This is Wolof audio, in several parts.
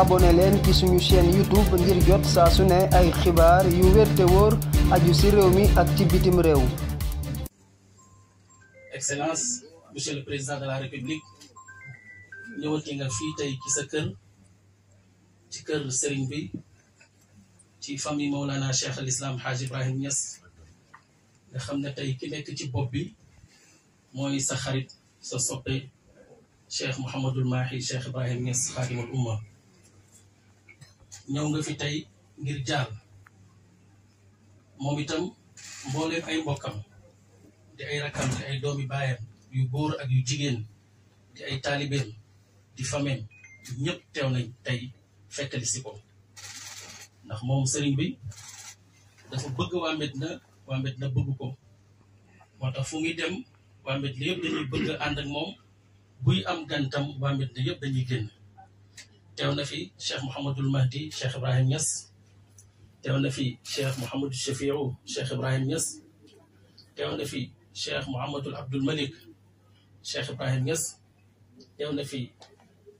abonné leen ci saa su ne ay xibaar yu wér te wóor réew mi ak ci bitim réew. Excellence le président de la République ñëwati nga fii tey ci sa kër ci kër sëriñ bi ci famille Maulana Cheikh al Islam Hadj Ibrahim Niass nga xam ne tey ki nekk ci bopp bi mooy sa xarit sa soppe Cheikh Mouhamadul Mahi Cheikh Ibrahim Niass xaadimal umma ñëw nga fi tey ngir jaar moom itam mbooleem ay mbokkam di ay rakkam di ay doomi baayam yu góor ak yu jigéen di ay taalibeem di fameem ñëpp teew nañ tey fekkali si ko ndax moom sëriñ bi dafa bëgg waa na waa na bëgg ko moo tax fu ngi dem waa Medina yëpp dañuy bëgg ànd ak moom buy am gantam waa Medina yëpp dañuy génn teew na fi cheikh Mouhamadul Mahdi cheikh Ibrahim Niass teew na fi cheikh Mouhamadul Shafiu cheikh Ibrahim Niass teew na fi cheikh Mouhamadul Abdul Malik cheikh Ibrahim Niass teew na fi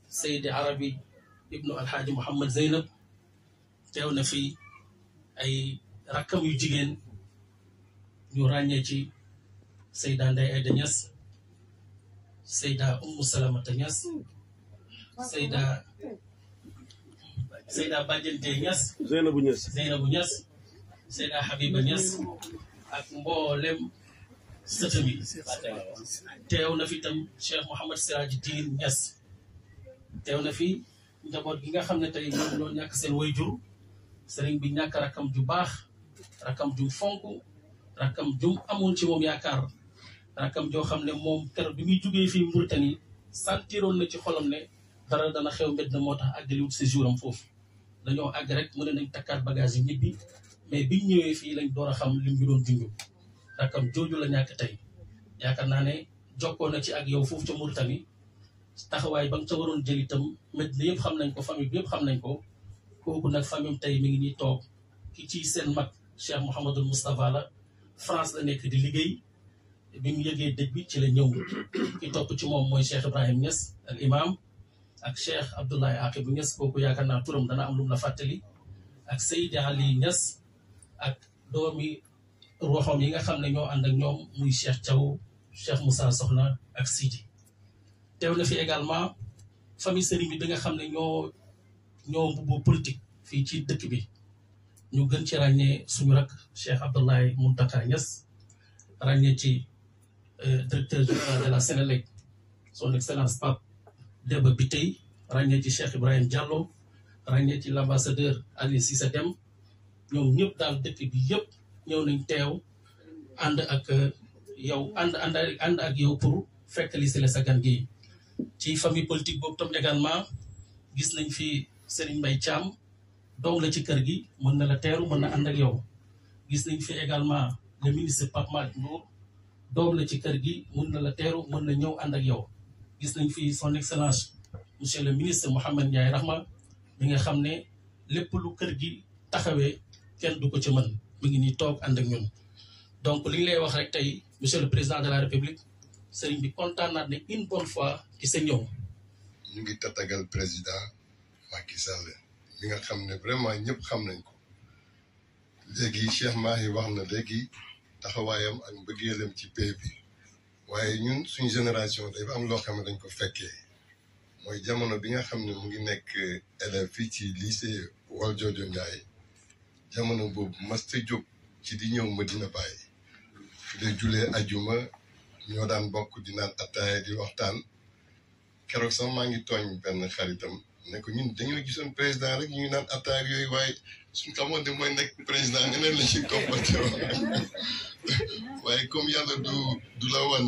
Seydi Arabi ibnu Alxaaji Mouhamad Zeynab teew na fi ay rakkam yu jigéen ñu ràññee ci Seyda Ndeye Aida Niass Seyda Umu Salamata Niass Seyda Seyda Bajante Ñas Zeynabu Ñas Zeynabu Ñas Seyda Habiba Ñas ak mboolem sëtami teew na fi tam Cheikh Mouhamad Siraji Diin Ñas teew na fi njaboot gi nga xam ne tey ñoom ñoo ñàkk seen wayjur sëriñ bi ñàkk rakam ju baax rakam ju fonk rakam ju amoon ci moom yaakaar rakam joo xam ne moom kër bi muy jugee fii Mauritanie santiroon na ci xolom ne dara dana xew mbedd moo tax àggali wut séjour am foofu dañoo àgg rek mën nañ takkaat bagage yi ñibbi mais biñ ñëwee fii lañ door a xam lim ñu doon junj rakam jooju la ñàkk tey yaakaar naa ne jokkoo na ci ak yow foofu ca Mauritanie taxawaay ba nga ca waroon jël itam Medina yëpp xam nañ ko famille bi yëpp xam nañ ko kooku nag famille tey mi ngi nii toog ki ci seen mag Cheikh Mouhamadul Moustapha la France la nekk di liggéey bi mu yëgee dëj bi ci la ñëw ki topp ci moom mooy Cheikh Ibrahim Niass al imam ak Cheikh Abdoulaye Aqibu Niass kooku yaakaar naa turam dana am lum la fàttali ak Seydi Ali Niass ak doomi roxom yi nga xam ne ñoo ànd ak ñoom muy Cheikh Thiaw Cheikh musa Soxna ak Sidi teew na fi également famille sëriñ bi xam ne ñoo ñoo mbubboo politique fii ci dëkk bi ñu gën ci ràññee suñu rak Cheikh Abdoulaye Mountakha Niass ràññee ci euh, directeur général de la Sénélec son excellence Pape bi tey ràññee ci Cheikh Ibrahim Diallo ràññee ci l'ambassadeur Aliou sa dem ñoom ñëpp daal dëkk bi yëpp ñëw nañ teew ànd ak uh, yow ànd ànd ak yow pour fekk li la sa gan gi ci famille politique boobu tam également gis nañ fi Serigne Mbaye Thiam doom la ci kër gi mën na la teeru mën na ànd ak yow gis nañ fi également le ministre Pape Malick Ndour doom la ci kër gi mën na la teeru mën na ñëw ànd ak yow gis nañ fi son excellence monsieur le ministre Mouhamed Ndiaye Rahma mi nga xam ne lépp lu kër gi taxawee kenn du ko ci mën mu ngi nii toog ànd ak ñun. donc li ñu lay wax rek tey monsieur le président de la république sëriñ bi kontaan naa ne une bonne fois ci sa mu ñu ngi tatagal président Macky Sall mi nga xam ne vraiment ñëpp xam nañ ko. léegi Cheikh Mahi wax na léegi taxawaayam ak mbëggeelam ci pays bi. waaye ñun suñu génération dafa am loo xam ne dañ ko fekkee mooy jamono bi nga xam ne mu ngi nekk euh, élève fii ci lycée Valdiodio Ndiaye jamono boobu masta jóg ci di ñëw Medina Baye fi de julee ajuma ñoo daan bokk di naan attaaya di waxtaan keroog sax maa ngi tooñ benn xaritam ne ko ñun dañoo gisoon président rek ñu ngi naan attaaya yooyu waaye suñ xamoon ne mooy nekk président nga ne la ci comporté waaye comme yàlla du du la wan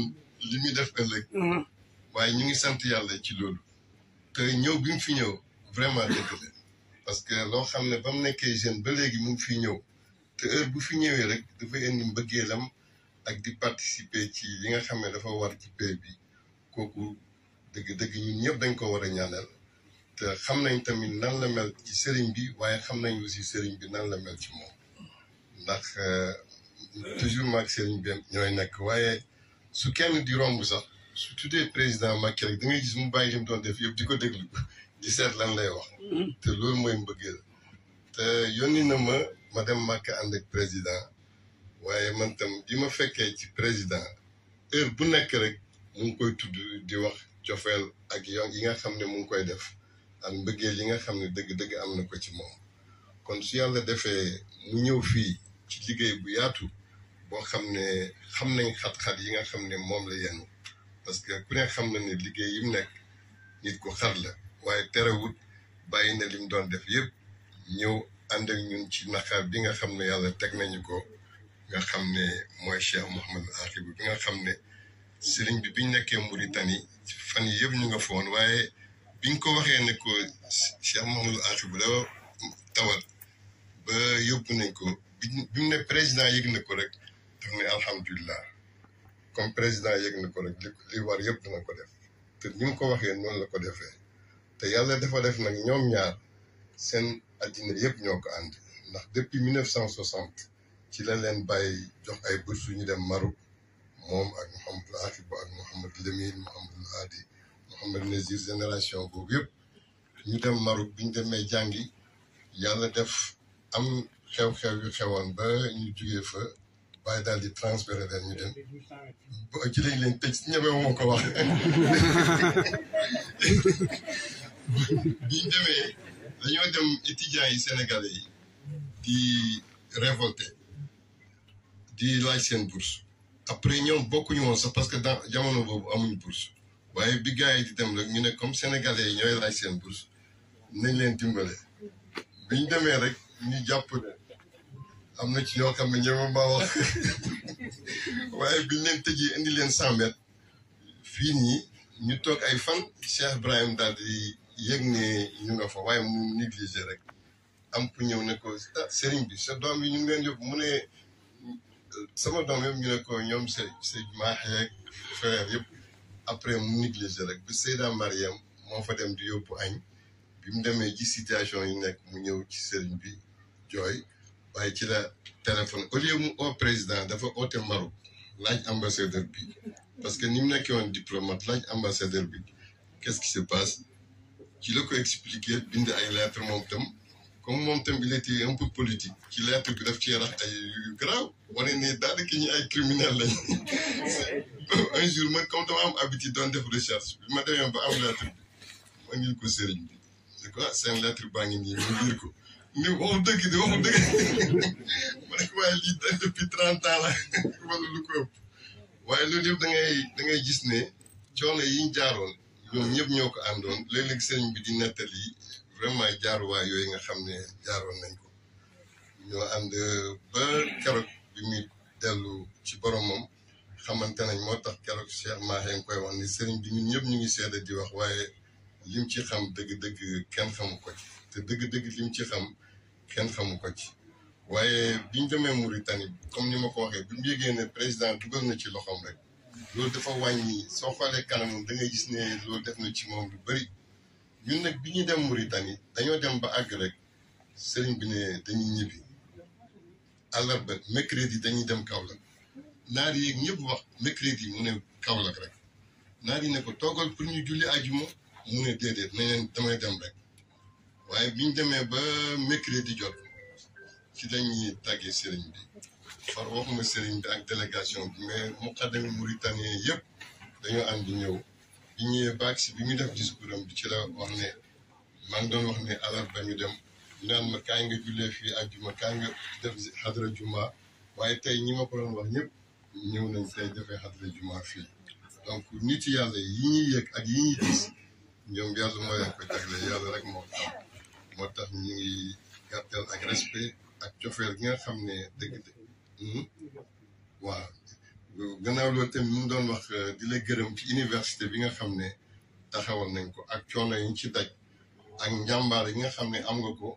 li muy def ëllëg waaye ñu ngi sant yàlla ci loolu te ñëw bi fi ñëw vraiment dëgg la parce que loo xam ne ba mu nekkee ba léegi mu fi ñëw te heure bu fi ñëwee rek dafay indi mbëggeelam ak di participer ci li nga xam dafa war ci pays bi kooku dëgg-dëgg ñun ñëpp dañ ko war a ñaanal te xam nañ tamit nan la mel ci sëriñ bi waaye xam nañ aussi sëriñ bi nan la mel ci moom ndax euh, toujours maag sëriñ bi ñooy nekk waaye su kenn di romb sax su tuddee président Macky rek da ngay gis mu bàyyi li mu doon def yëpp di ko di seet lan lay wax. te loolu mooy mbëggeel te yónni na ma ma dem Macky ànd président waaye man tam bi ma fekkee ci président heure bu nekk rek mu ngi koy tudd di wax cofeel ak yoon yi nga xam ne mu ngi koy def. ak mbëggeel yi nga xam ne dëgg-dëgg am na ko ci moom kon su yàlla defee mu ñëw fii ci liggéey bu yaatu boo xam ne xam nañ xat-xat yi nga xam ne moom la yenu parce que ku ne xam na ne liggéey yi mu nekk nit ku xat la waaye terewut bàyyi na li mu doon def yëpp ñëw ànd ak ñun ci naqar bi nga xam ne yàlla teg nañu ko nga xam ne mooy Cheikh Mouhamad Akhibou bi nga xam ne sëriñ bi biñ nekkee Mauritanie fan yi yëpp ñu nga foon biñ ko waxee ne ko Cheikh Mamadou Akhibou la tawat ba yóbbu nañ ko biñ ne président yëg na ko rek daf ne alhamdulilah comme président yëg na ko rek li war yëpp dina ko def te ni mu ko waxee noonu la ko defee te yàlla dafa def nag ñoom ñaar seen addina yëpp ñoo ko ànd ndax depuis 1960 ci la leen bàyyi jox ay bourses ñu dem Maroc moom ak Mouhamadou Akhibou ak Mouhamadou Lemine Mouhamadou Hadi am Nazir génération boobu yëpp ñu dem Maroc bi ñu demee jàngi yàlla def am xew-xew yu xewoon ba ñu jugee fa waaye daal di transféré leen ñu dem ci lañ leen tëj ñebe moo ko wax bi ñu demee dañoo dem étudiants yi yi di révolté di laaj seen bourse après ñoom bokkuñu woon sax parce que dans jamono boobu amuñu bourse waaye bi gars yi di dem rek ñu ne comme sénégalais yi ñooy laaj seen bourse nañ leen dimbale biñ demee rek ñu jàpp am na ci ñoo xam ne ñoom maa wax waaye biñ leen tëjee indi leen cent mètres fii ñu toog ay fan Cheikh Ibrahim daal di yëg ne ñu nga fa waaye mu négligé rek am ku ñëw ne ko ah sëriñ bi sa doom yi ñu ngi leen mu ne sama doom yëpp ñu ne ko ñoom sa sa maax yeeg frère yëpp. après mu négligé rek bi Seyda Mariam moo fa dem di yóbbu añ bi mu demee ci situation yi nekk mu ñëw ci sëriñ bi jooy waaye ci la téléphone au lieu mu oo président dafa oote Maroc laaj ambassadeur bi parce que ni mu nekkee woon diplomate laaj ambassadeur bi qu'est-ce qui se passe ci la ko expliqué bind ay lettre moom tam comme moom tam il était un peu politique ci lettre bi daf ci rax ay yu garaaw wane ne daanaka ñi ay criminel lañ un jour man comme dama am habitude doon def recherche bi ma demee ba am lettre bi ma ngi ko sëriñ bi c'est quoi seen baa ngi nii ma liir ko ni waxu dëgg waaye lii depuis trente ans la wala lu ko waaye loolu yëpp da ngay da ngay gis ne yi ñu jaaroon ñoom ñëpp ñoo ko àndoon léeg-léeg sëriñ bi di nettali vraiment jaaruwaay yooyu nga xam ne jaaroon nañ ko ñoo ànd ba keroog bi muy dellu ci boromam xamante nañ moo tax keroog Cheikh Mahi ngi koy wax ni sëriñ bi ñun ñëpp ñu ngi seede di wax waaye lim ci xam dëgg-dëgg kenn xamu ko ci te dëgg-dëgg lim ci xam kenn xamu ko ci waaye biñ demee Mauritanie comme ni ma ko waxee bi mu yégee ne président dugal na ci loxoom rek loolu dafa wàññi soo xoolee kanam da nga gis ne loolu def na ci moom lu bëri ñun nag bi ñuy dem Mauritanie dañoo dem ba àgg rek sëriñ bi ne dañuy ñibbi àllarba mercredi dañuy dem Kaolack naar yi ñëpp wax mercredi mu ne Kaolack rek naar yi ne ko toogal pour ñu julli ajuma mu ne déedéet nañ damay dem rek waaye bi ñu demee ba mercredi jot ci dañuy tàggee sëriñ bi far waxuma sëriñ bi ak délégation bi mais muqaddami Mauritanie yëpp dañoo ànd ñëw bi ñëwee baag si bi muy def ci la wax ne maa ngi doon wax ne alarba ñu dem naan ma kaay nga jullee fii àjjuma kaay nga def xadra juma waaye tey ñi ma ko doon wax ñëpp ñëw nañ tey defee xadra juma fii donc nit yàlla yi ñuy yëg ak yi ñuy ñoom yàlla moo leen ko jagleel rek moo xam moo tax ñu ngi gàttal ak respect ak cofeel gi nga xam ne dëgg-dëgg hmm? waaw gannaaw loolu tamit mu doon wax euh, di la gërëm ci université bi nga xam ne taxawoon nañ ko ak coono yi ñu ci daj ak njàmbaar yi nga xam ne am nga ko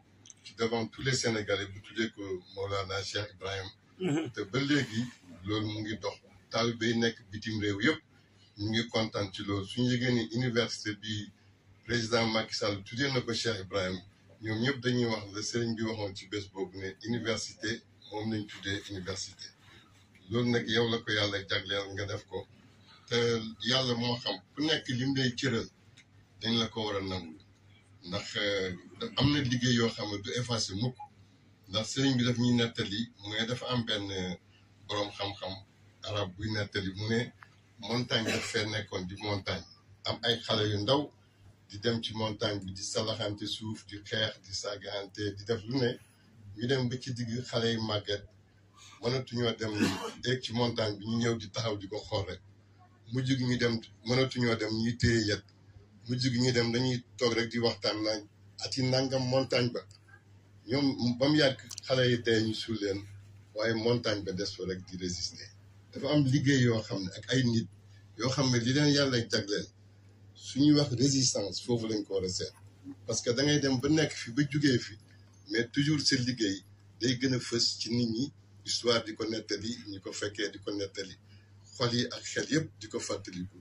ci devant tous les sénégalais bu tuddee ko Mawlana Cheikh Ibrahim mhm. te ba léegi loolu mu ngi dox taalibe yi nekk bitim réew yëpp mu ngi kontaan ci loolu suñu yëgee ni université bi président Macky Sall tuddee na ko Cheikh Ibrahim ñoom ñëpp dañuy wax la sëriñ bi waxoon ci bés boobu ne université moom lañ tuddee université loolu nag yow la ko yàlla jagleel nga def ko te yàlla moo xam ku nekk lim day cëral dañ la ko war a nangu ndax eh, am na liggéey yoo xam ne du effacé mukk ndax sëriñ bi def ñu nettali mu ne dafa am benn boroom xam-xam arab buy nettali mu ne montagne daf fee nekkoon di montagne am ay xale yu ndaw di dem ci montagne bi di salaxante suuf di xeex di saagaante di def lu ne ñu dem ba ci digg xale yu màgget mënatuñoo dem eeg ci montagne bi ñu ñëw di taxaw di ko xool rek mujj gi ñu dem mënatuñoo dem ñuy téye yet mujj gi ñu dem dañuy toog rek di waxtaan naa ati nangam montagne ba ñoom ba mu yàgg xale yi tey ñu suul leen waaye montagne ba des fa rek di résister dafa am liggéey yoo xam ne ak ay nit yoo xam ne li leen yàlla jagleel su ñuy wax résistance foofu lañ ko war parce que da ngay dem ba nekk fi ba jugee fi mais toujours seen liggéey day gën a fës ci nit ñi histoire di ko nettali ñu ko fekkee di ko nettali xol yi ak xel yëpp di ko fàttaliku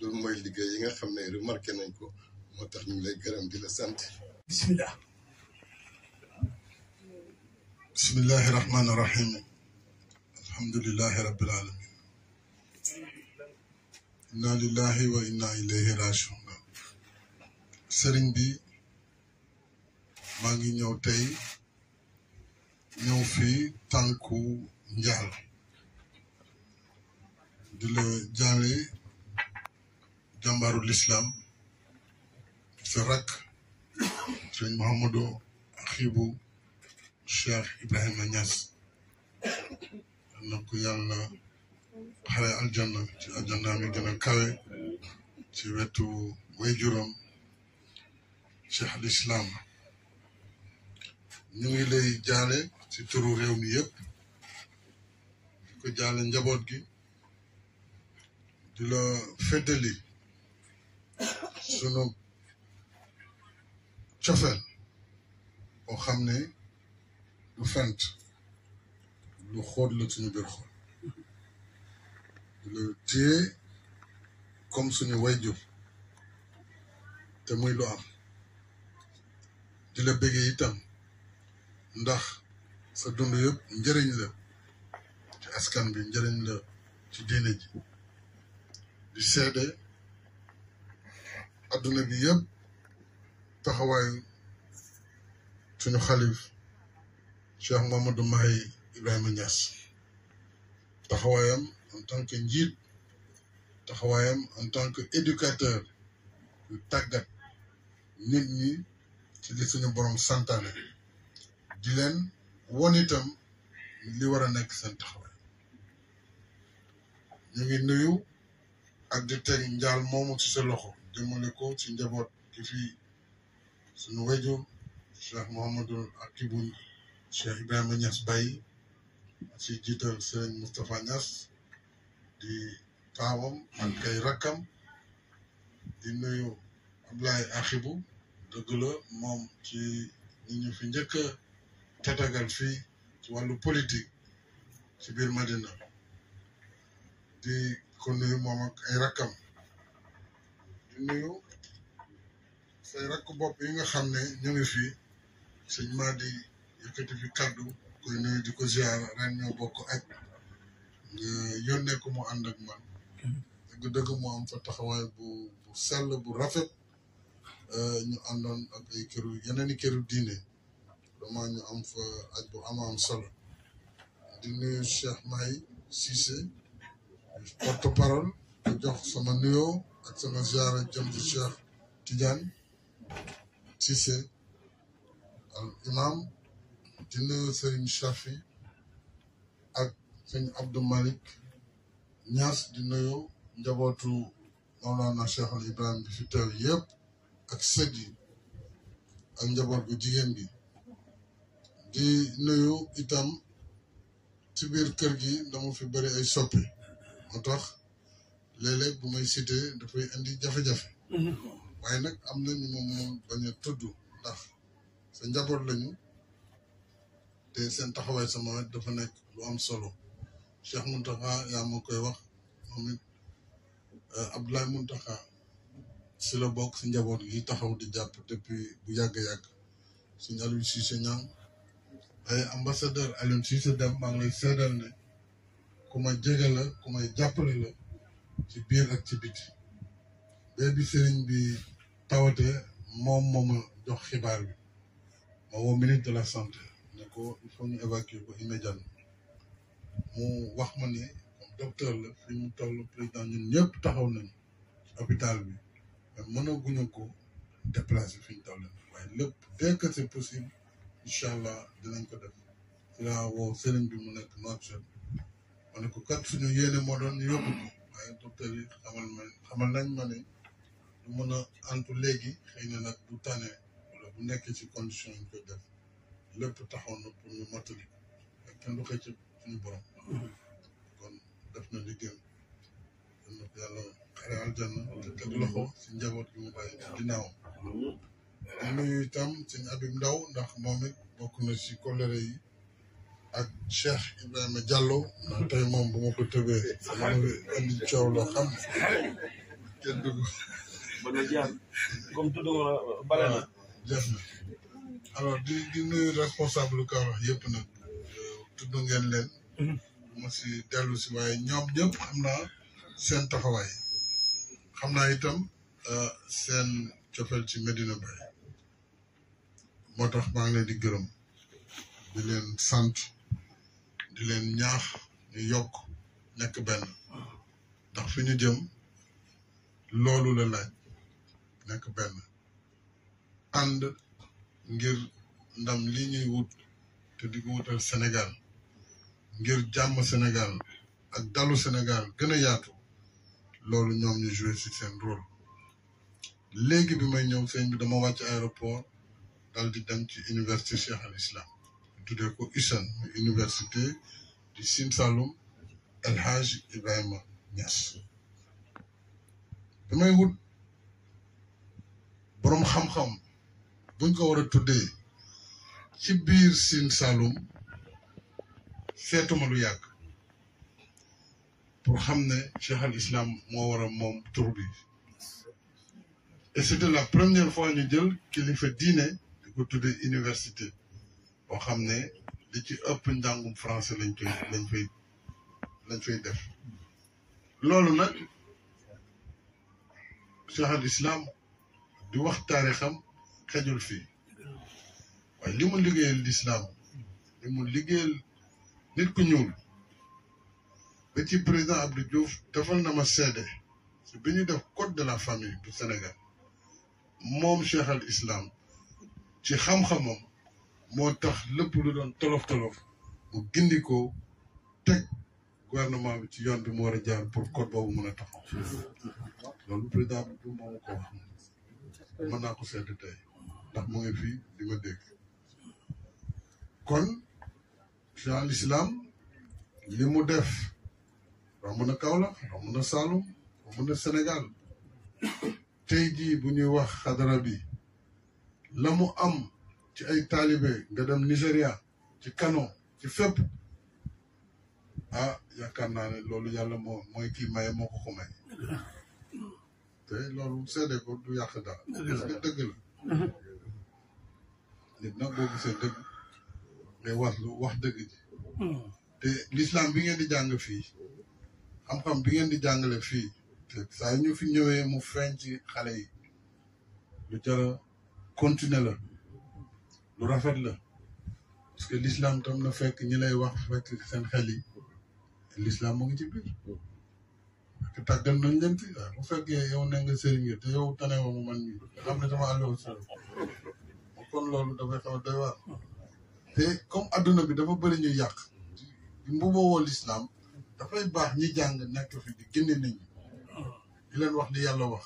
loolu mooy liggéey yi nga xam ne remarqué nañ ko moo tax ñu lay gërëm di la sant. bisimilah. bismillahi rahmaani rahim. alhamdulilahi rabbil alamin. inna lillahi wa inna ilayhi rajiun. sëriñ bi maa ngi ñëw tey. ñëw fii tànku njaal di la jaale jàmbaaru lislaam sa rakk sëñ Mouhamadou Xibu Cheikh Ibrahima Niass na ko yàlla xare aljanna ci aljanna mi gën a kawe ci wetu way al Islam ñu ngi lay ci turu réew mi yëpp di ko jaale njaboot gi di la feddali sunu cofeel boo xam ne lu fent lu xóot la suñu biir xol di la téye comme suñu way wayjur te muy lu am di la bëggee itam ndax sa dund yëpp njëriñ la ci askan bi njëriñ la ci diine ji di seede adduna bi yëpp taxawaayu suñu xalif Cheikh Mamadou Mahi Ibrahima Niass taxawaayam en tant njiit taxawaayam en tant que éducateur yu tàggat nit ñi ci li suñu borom santaane di leen won itam li war a nekk seen taxawaay ñu ngi nuyu ak di teg njaal moomu ci sa loxo jëmale ko ci njaboot ki fii suñu weju Cheikh Mouhamadul ak kibun Cheikh Ibrahima Niass Baye ci jiital sëriñ Moustapha Niass di taawam ak kay rakkam di nuyu Ablaye Axibu dëgg la moom ci ñi ñu fi njëkk tatagal fii ci wàllu politique ci biir Madina di ko nuyu moom ak ay rakkam di nuyu say rakk bopp yi nga xam ne ñu ngi fii sëñ Madi yëkkati fi kàddu koy nuyu di ko ziar ren ñoo bokk ak nga yónnee ko mu ànd ak man dëgg mu am fa taxawaay bu bu bu rafet ñu àndoon ak ay këru yeneen i këru diine dama ñu am fa aj bu am am solo di nuyu Cheikh May Cissé porte parole di jox nuyoo ak sama ziara jëm ci Cheikh Tidiane al imam di nuyu Serigne Chafi ak sëñ Abdou Malick Niass di nuyu njabootu Maulana Cheikh al Ibrahim bi fi teew yëpp ak sët ak njaboot bu jigéen bi di nuyu itam ci biir kër gi dama fi bari ay soppi moo tax léeg bu may cité dafay indi jafe-jafe mm-hmm. waaye nag am na ñu ma moom bañ a tudd ndax sa njaboot lañu te seen taxawaay sama wet dafa nekk lu am solo Cheikh Mountakha yaa koy wax moom it euh, taxa si loo bokk si njaboot gi taxaw di jàpp depuis bu yàgg-yàgg suñu Aliou Cissé Niang ambassadeur Alioune Cissé Dème maa ngi lay seedal ne ku may jege la ku may jàppale la ci biir ak ci biti bee bi sëriñ bi tawate moom moo ma jox xibaar bi ma woo ministre de la santé ne ko il ñu évacuer ko immédiatement mu wax ma ne comme la fi mu toll président ñun ñëpp taxaw nañ ci hôpital bi mais mënaguñu ko déplacer fi ñu toll waaye lépp dès que c'est possible incha allah dinañ ko def ci laa woo sëriñ bi mu nekk Nouakchott ma ne ko kat suñu yéene moo doon yóbbu ko waaye docteur yi xamal ma xamal nañ ma ne du mën a antu léegi xëy na nag bu tane wala bu nekkee ci condition yi def lépp taxaw na pour ñu mottali ak du xëcc suñu borom kon def na liggéeyam kon nag yàlla xare aljanna te teg loxo si njaboot gi mu bàyyi ci nuyu itam sëñ Abib Ndaw ndax moom it bokk si kolere yi ak Cheikh Ibrahima Diallo ndax tey moom bu ma ko tëbee ma loo xam kenn alors di di nuyu responsable Kaolack yëpp nag tudd ngeen leen mhm. ma dellu si waaye ñoom ñëpp xam naa seen taxawaay xam naa itam euh, seen cofeel ci Medina Baye moo tax maa ngi leen di gërëm di leen sant di leen ñaax ñu yokk nekk benn ndax fi ñu jëm loolu la laaj nekk benn ànd ngir ndam li ñuy wut te di ko wutal Sénégal ngir jàmm Sénégal ak dalu Sénégal gën a yaatu loolu ñoom ñu joué ci seen rôle léegi bi may ñëw sëñ bi dama wàcc aéroport dal di dem ci université Cheikh al Islam tuddee ko USAN muy université du Sine Saloum El Hadj Ibrahima Niass damay wut boroom xam-xam buñ ko war a tuddee ci biir Sine Saloum seetuma lu yàgg pour xam ne Cheikh al Islam moo war a moom tur bi et c'était la première fois ñu jël kilifa diine bu université boo xam ne li ci ëpp njàngum français lañ koy ah. lañ fay lañ fay def loolu nag cheikh al islam di wax taarixam xejul fii waaye li mu liggéeyal lislaam li mu liggéeyal nit ku ñuul ba ci président Abdou Diouf defal na ma seede su bi ñu def code de la famille bu Sénégal moom cheikh al islam ci xam-xamam moo tax lépp lu doon tolof-tolof mu gindi ko teg gouvernement bi ci yoon bi mu war a jaar pour code boobu mën a tax loolu président bi du moomu ko wax mën naa ko seetlu tey ndax mu ngi fii di ma dégg kon Cheikh al Islam li mu def romb na Kaolack romb na Saloum romb na Sénégal tey jii bu ñuy wax xadara bi la mu am ci ay taalibe nga dem Nigéria ci Kano ci fépp ah yaakaar naa ne loolu yàlla moo mooy kii maye moo ko may te loolu seede ko du yàq daal parce que dëgg la mhm. nit nag boo gisee ngay wax lu wax dëgg ji hmm. te lislaam bi ngeen di jàng fii xam-xam bi ngeen di jàngale fii te saa ñu fi ñëwee mu feeñ ci xale yi lu jara continuer la lu rafet la parce que l'islam tam na fekk ñi lay wax fekk seen xel yi l'islam mu ngi ci biir te tàggal nañ leen ci waaw ah, bu fekkee yow ne nga sëriñ nga yow tane woo ma man mii nga xam ne dama àlloo kon loolu dafay xaw a doy te comme àdduna bi dafa bëri ñu yàq mbuboo woo l'islam dafay baax ñi jàng nekk fi di génne nit ñi leen wax li yàlla wax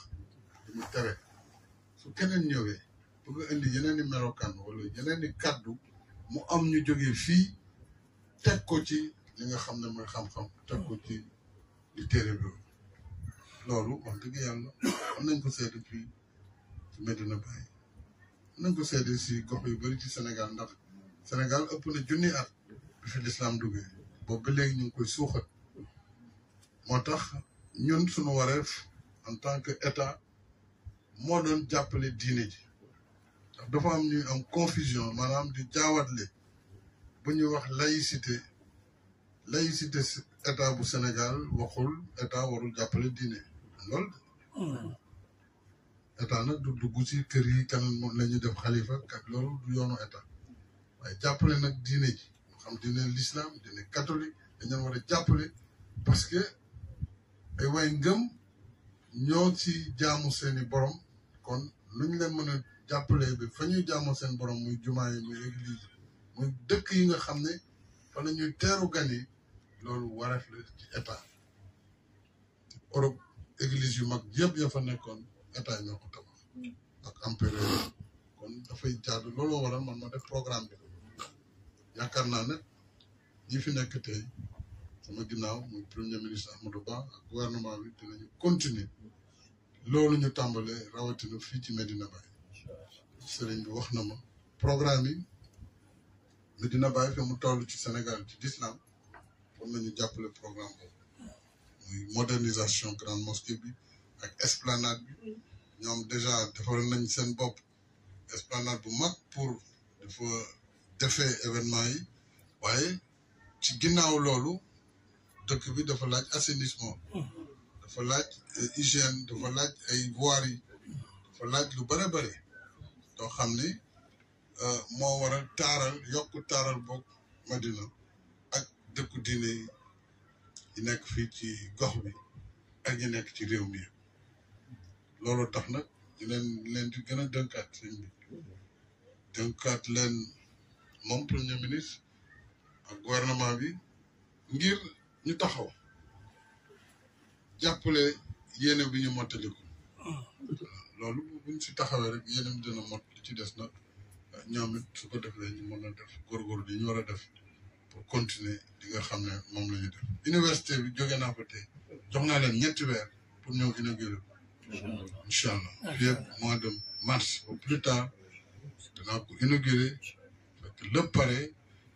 di mu tere su keneen ñëwee bëgg a indi yeneen i melokaan wala yeneen i kàddu mu am ñu jógee fii teg ko ci li nga xam ne mooy xam-xam teg ko ci li téere bi loolu wax dëgg yàlla am nañ ko seede fii ci Medina ko seede si gox yu bari ci Sénégal ndax Sénégal ëpp na junni at bi fi lislaam duggee boobu ba léegi ñu ngi koy suuxat moo tax ñun suñu wareef en tant que état moo doon jàppale diine ji dafa am ñuy am confusion maanaam di jaawatle bu ñuy wax laïcité laïcité état bu Sénégal waxul état warul jàppale diine lool hmm. état na du dugg ci kër yi kan la ñuy def xalifa ak loolu du yoonu état waaye jàppale nag diine ji moo xam diine l'islam diine catholique dañu war jàppale parce que ay way ngëm ñoo ci jaamu seeni borom kon luñ leen mën jàppale bi fa ñuy jaamoo seen borom muy jumaa yi muy église muy dëkk yi nga xam ne fa la ñuy teeru gan yi loolu wareef la ci état Europe église yu mag yëpp ya fa nekkoon état ñoo ko tabax ak empereur kon dafay jaadu looloo waral man ma def programme bi yaakaar naa ne ñi fi nekk tey sama ginnaaw muy premier ministre Amadou Ba ak gouvernement bi dinañu continuer loolu ñu tàmbalee rawatina fii ci Medina sëriñ bi wax na ma programme yi Medina Baye fi mu toll ci senegal ci l'islam war nañu jàppale programme boobu muy modernisation grande mosquée bi ak esplanade bi ñoom déjà defaral nañ seen bopp esplanade bu mag pour dafa defee événement yi waaye ci ginnaaw loolu dëkk bi dafa laaj assainissement dafa laaj eh, hygiène dafa laaj ay voirie dafa laaj lu bare bare loo xam ni euh, moo war a taaral yokk taaral boog Madina ak dëkku diine yi nekk fii ci gox bi ak yi nekk ci réew mi loolu tax nag ñu leen leen di gën a dënkaat sëñ bi dënkaat leen moom premier ministre ak gouvernement bi ngir ñu taxaw jàppale yéene bi ñu mottaliku ah. loolu buñ si taxawee rek yeneen dina mot li ci des nag ñoom it su ko defee ñu mën a def góorgóorlu di ñu war a def pour continuer li nga xam ne moom la ñu def. université bi jóge naa fa tey jox naa leen ñetti weer pour ñëw inauguré ko. incha allah de mars au plus tard danaa ko inauguré pare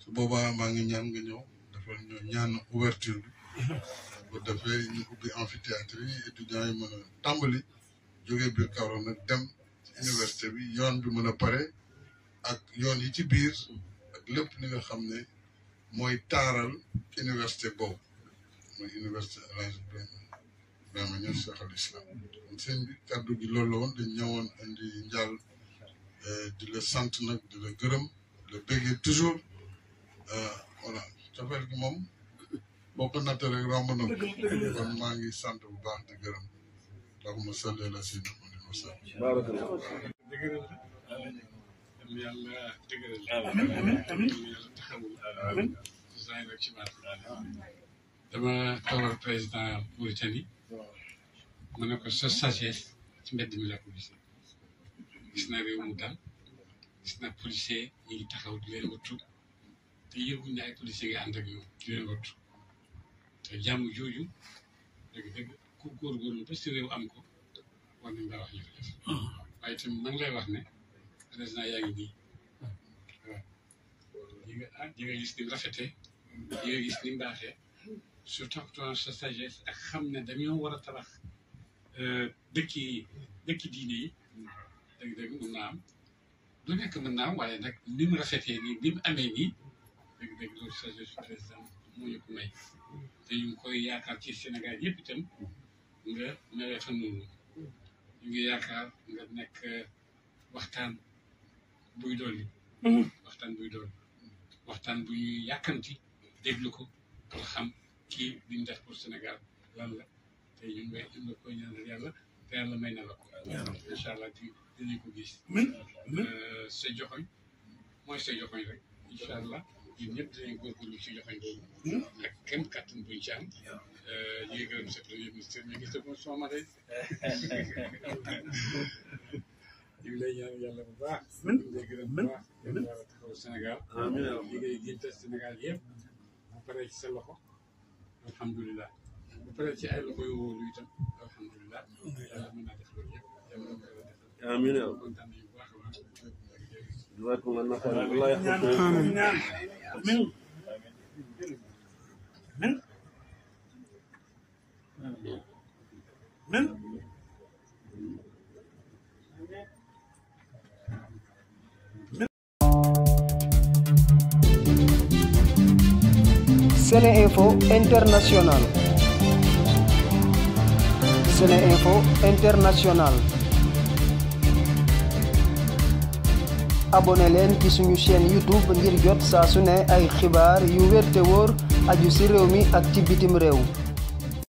su boobaa maa ngi ñaan nga ñëw defal ñu ñaan ouverture bi. bu mhm. defee ñu ubbi amphithéâtre yi étudiants yi jógee bi Kaolack nag dem ci université bi yoon bi mën a pare ak yoon yi ci biir ak lépp li nga xam ne mooy taaral université boobu mooy université El Hadj Ibrahima Niass Cheikh al Islam seen bi kàddu gi loolu la woon dañ ñëwoon indi njaal eh, di la sant nag di la gërëm di la béggee toujours eh, voilà cofeel gi moom boo ko nattee rek romb na kon maa ngi sant bu baax di gërëm اللهم صل على dama tawar président Mauritanie ma ne ko sa sagesse ci mbedd mi laa ko gisee gis naa réew mu dal gis naa policier ñu ngi taxaw te yëguñ ne ay policier nga ànd ak ñoom te jàmm jooju dëgg-dëgg ku góorgóorlu ba si réew am ko war nañ laa wax jërëjëf. waaye itam man lay wax ne président yaa ngi nii waaw di nga ah di nga gis sa sagesse ak xam ne dañoo war a tabax euh, dëkki dëkki diine yi dëgg-dëgg mën naa am lu nekk mën naa am waaye nag ni mu nii ni mu amee nii dëgg-dëgg loolu sagesse président moo ñu ko may te ñu koy yaakaar ci Sénégal yëpp itam. nga newee fa noonu ñu ngi yaakaar nga nekk waxtaan buy dolli mm-hmm. waxtaan buy dolli waxtaan bu déglu ko pour xam kii li mu pour Sénégal lan la te ñun may may na la ko incha allah di dinañ ko gis euh, sa joxoñ mooy sa joxoñ rek incha allah ñun ñëpp dinañ góorgóorlu ci joxoñ boobu ak kenn kàttan buñ ci ñu ngi gërëm sa premier ministre ñu ngi gis sama ma tey ñu ngi lay ñaan yàlla bu baax. mën ñu ngi lay gërëm bu baax. yàlla taxaw Sénégal. amiin liggéey gi tas Sénégal yëpp. bu paree ci sa loxo alhamdulilah. bu paree ci ay loxo yu wóolu itam alhamdulilah. yàlla mën naa def loolu yëpp yàlla mën naa def loolu. amiin yow kontaan nañu bu baax a baax. من Info International Sene Info International abonné ci suñu chaîne YouTube ngir jot saa su ne ay xibaar yu wér aju ci réew mi ak ci bitim réew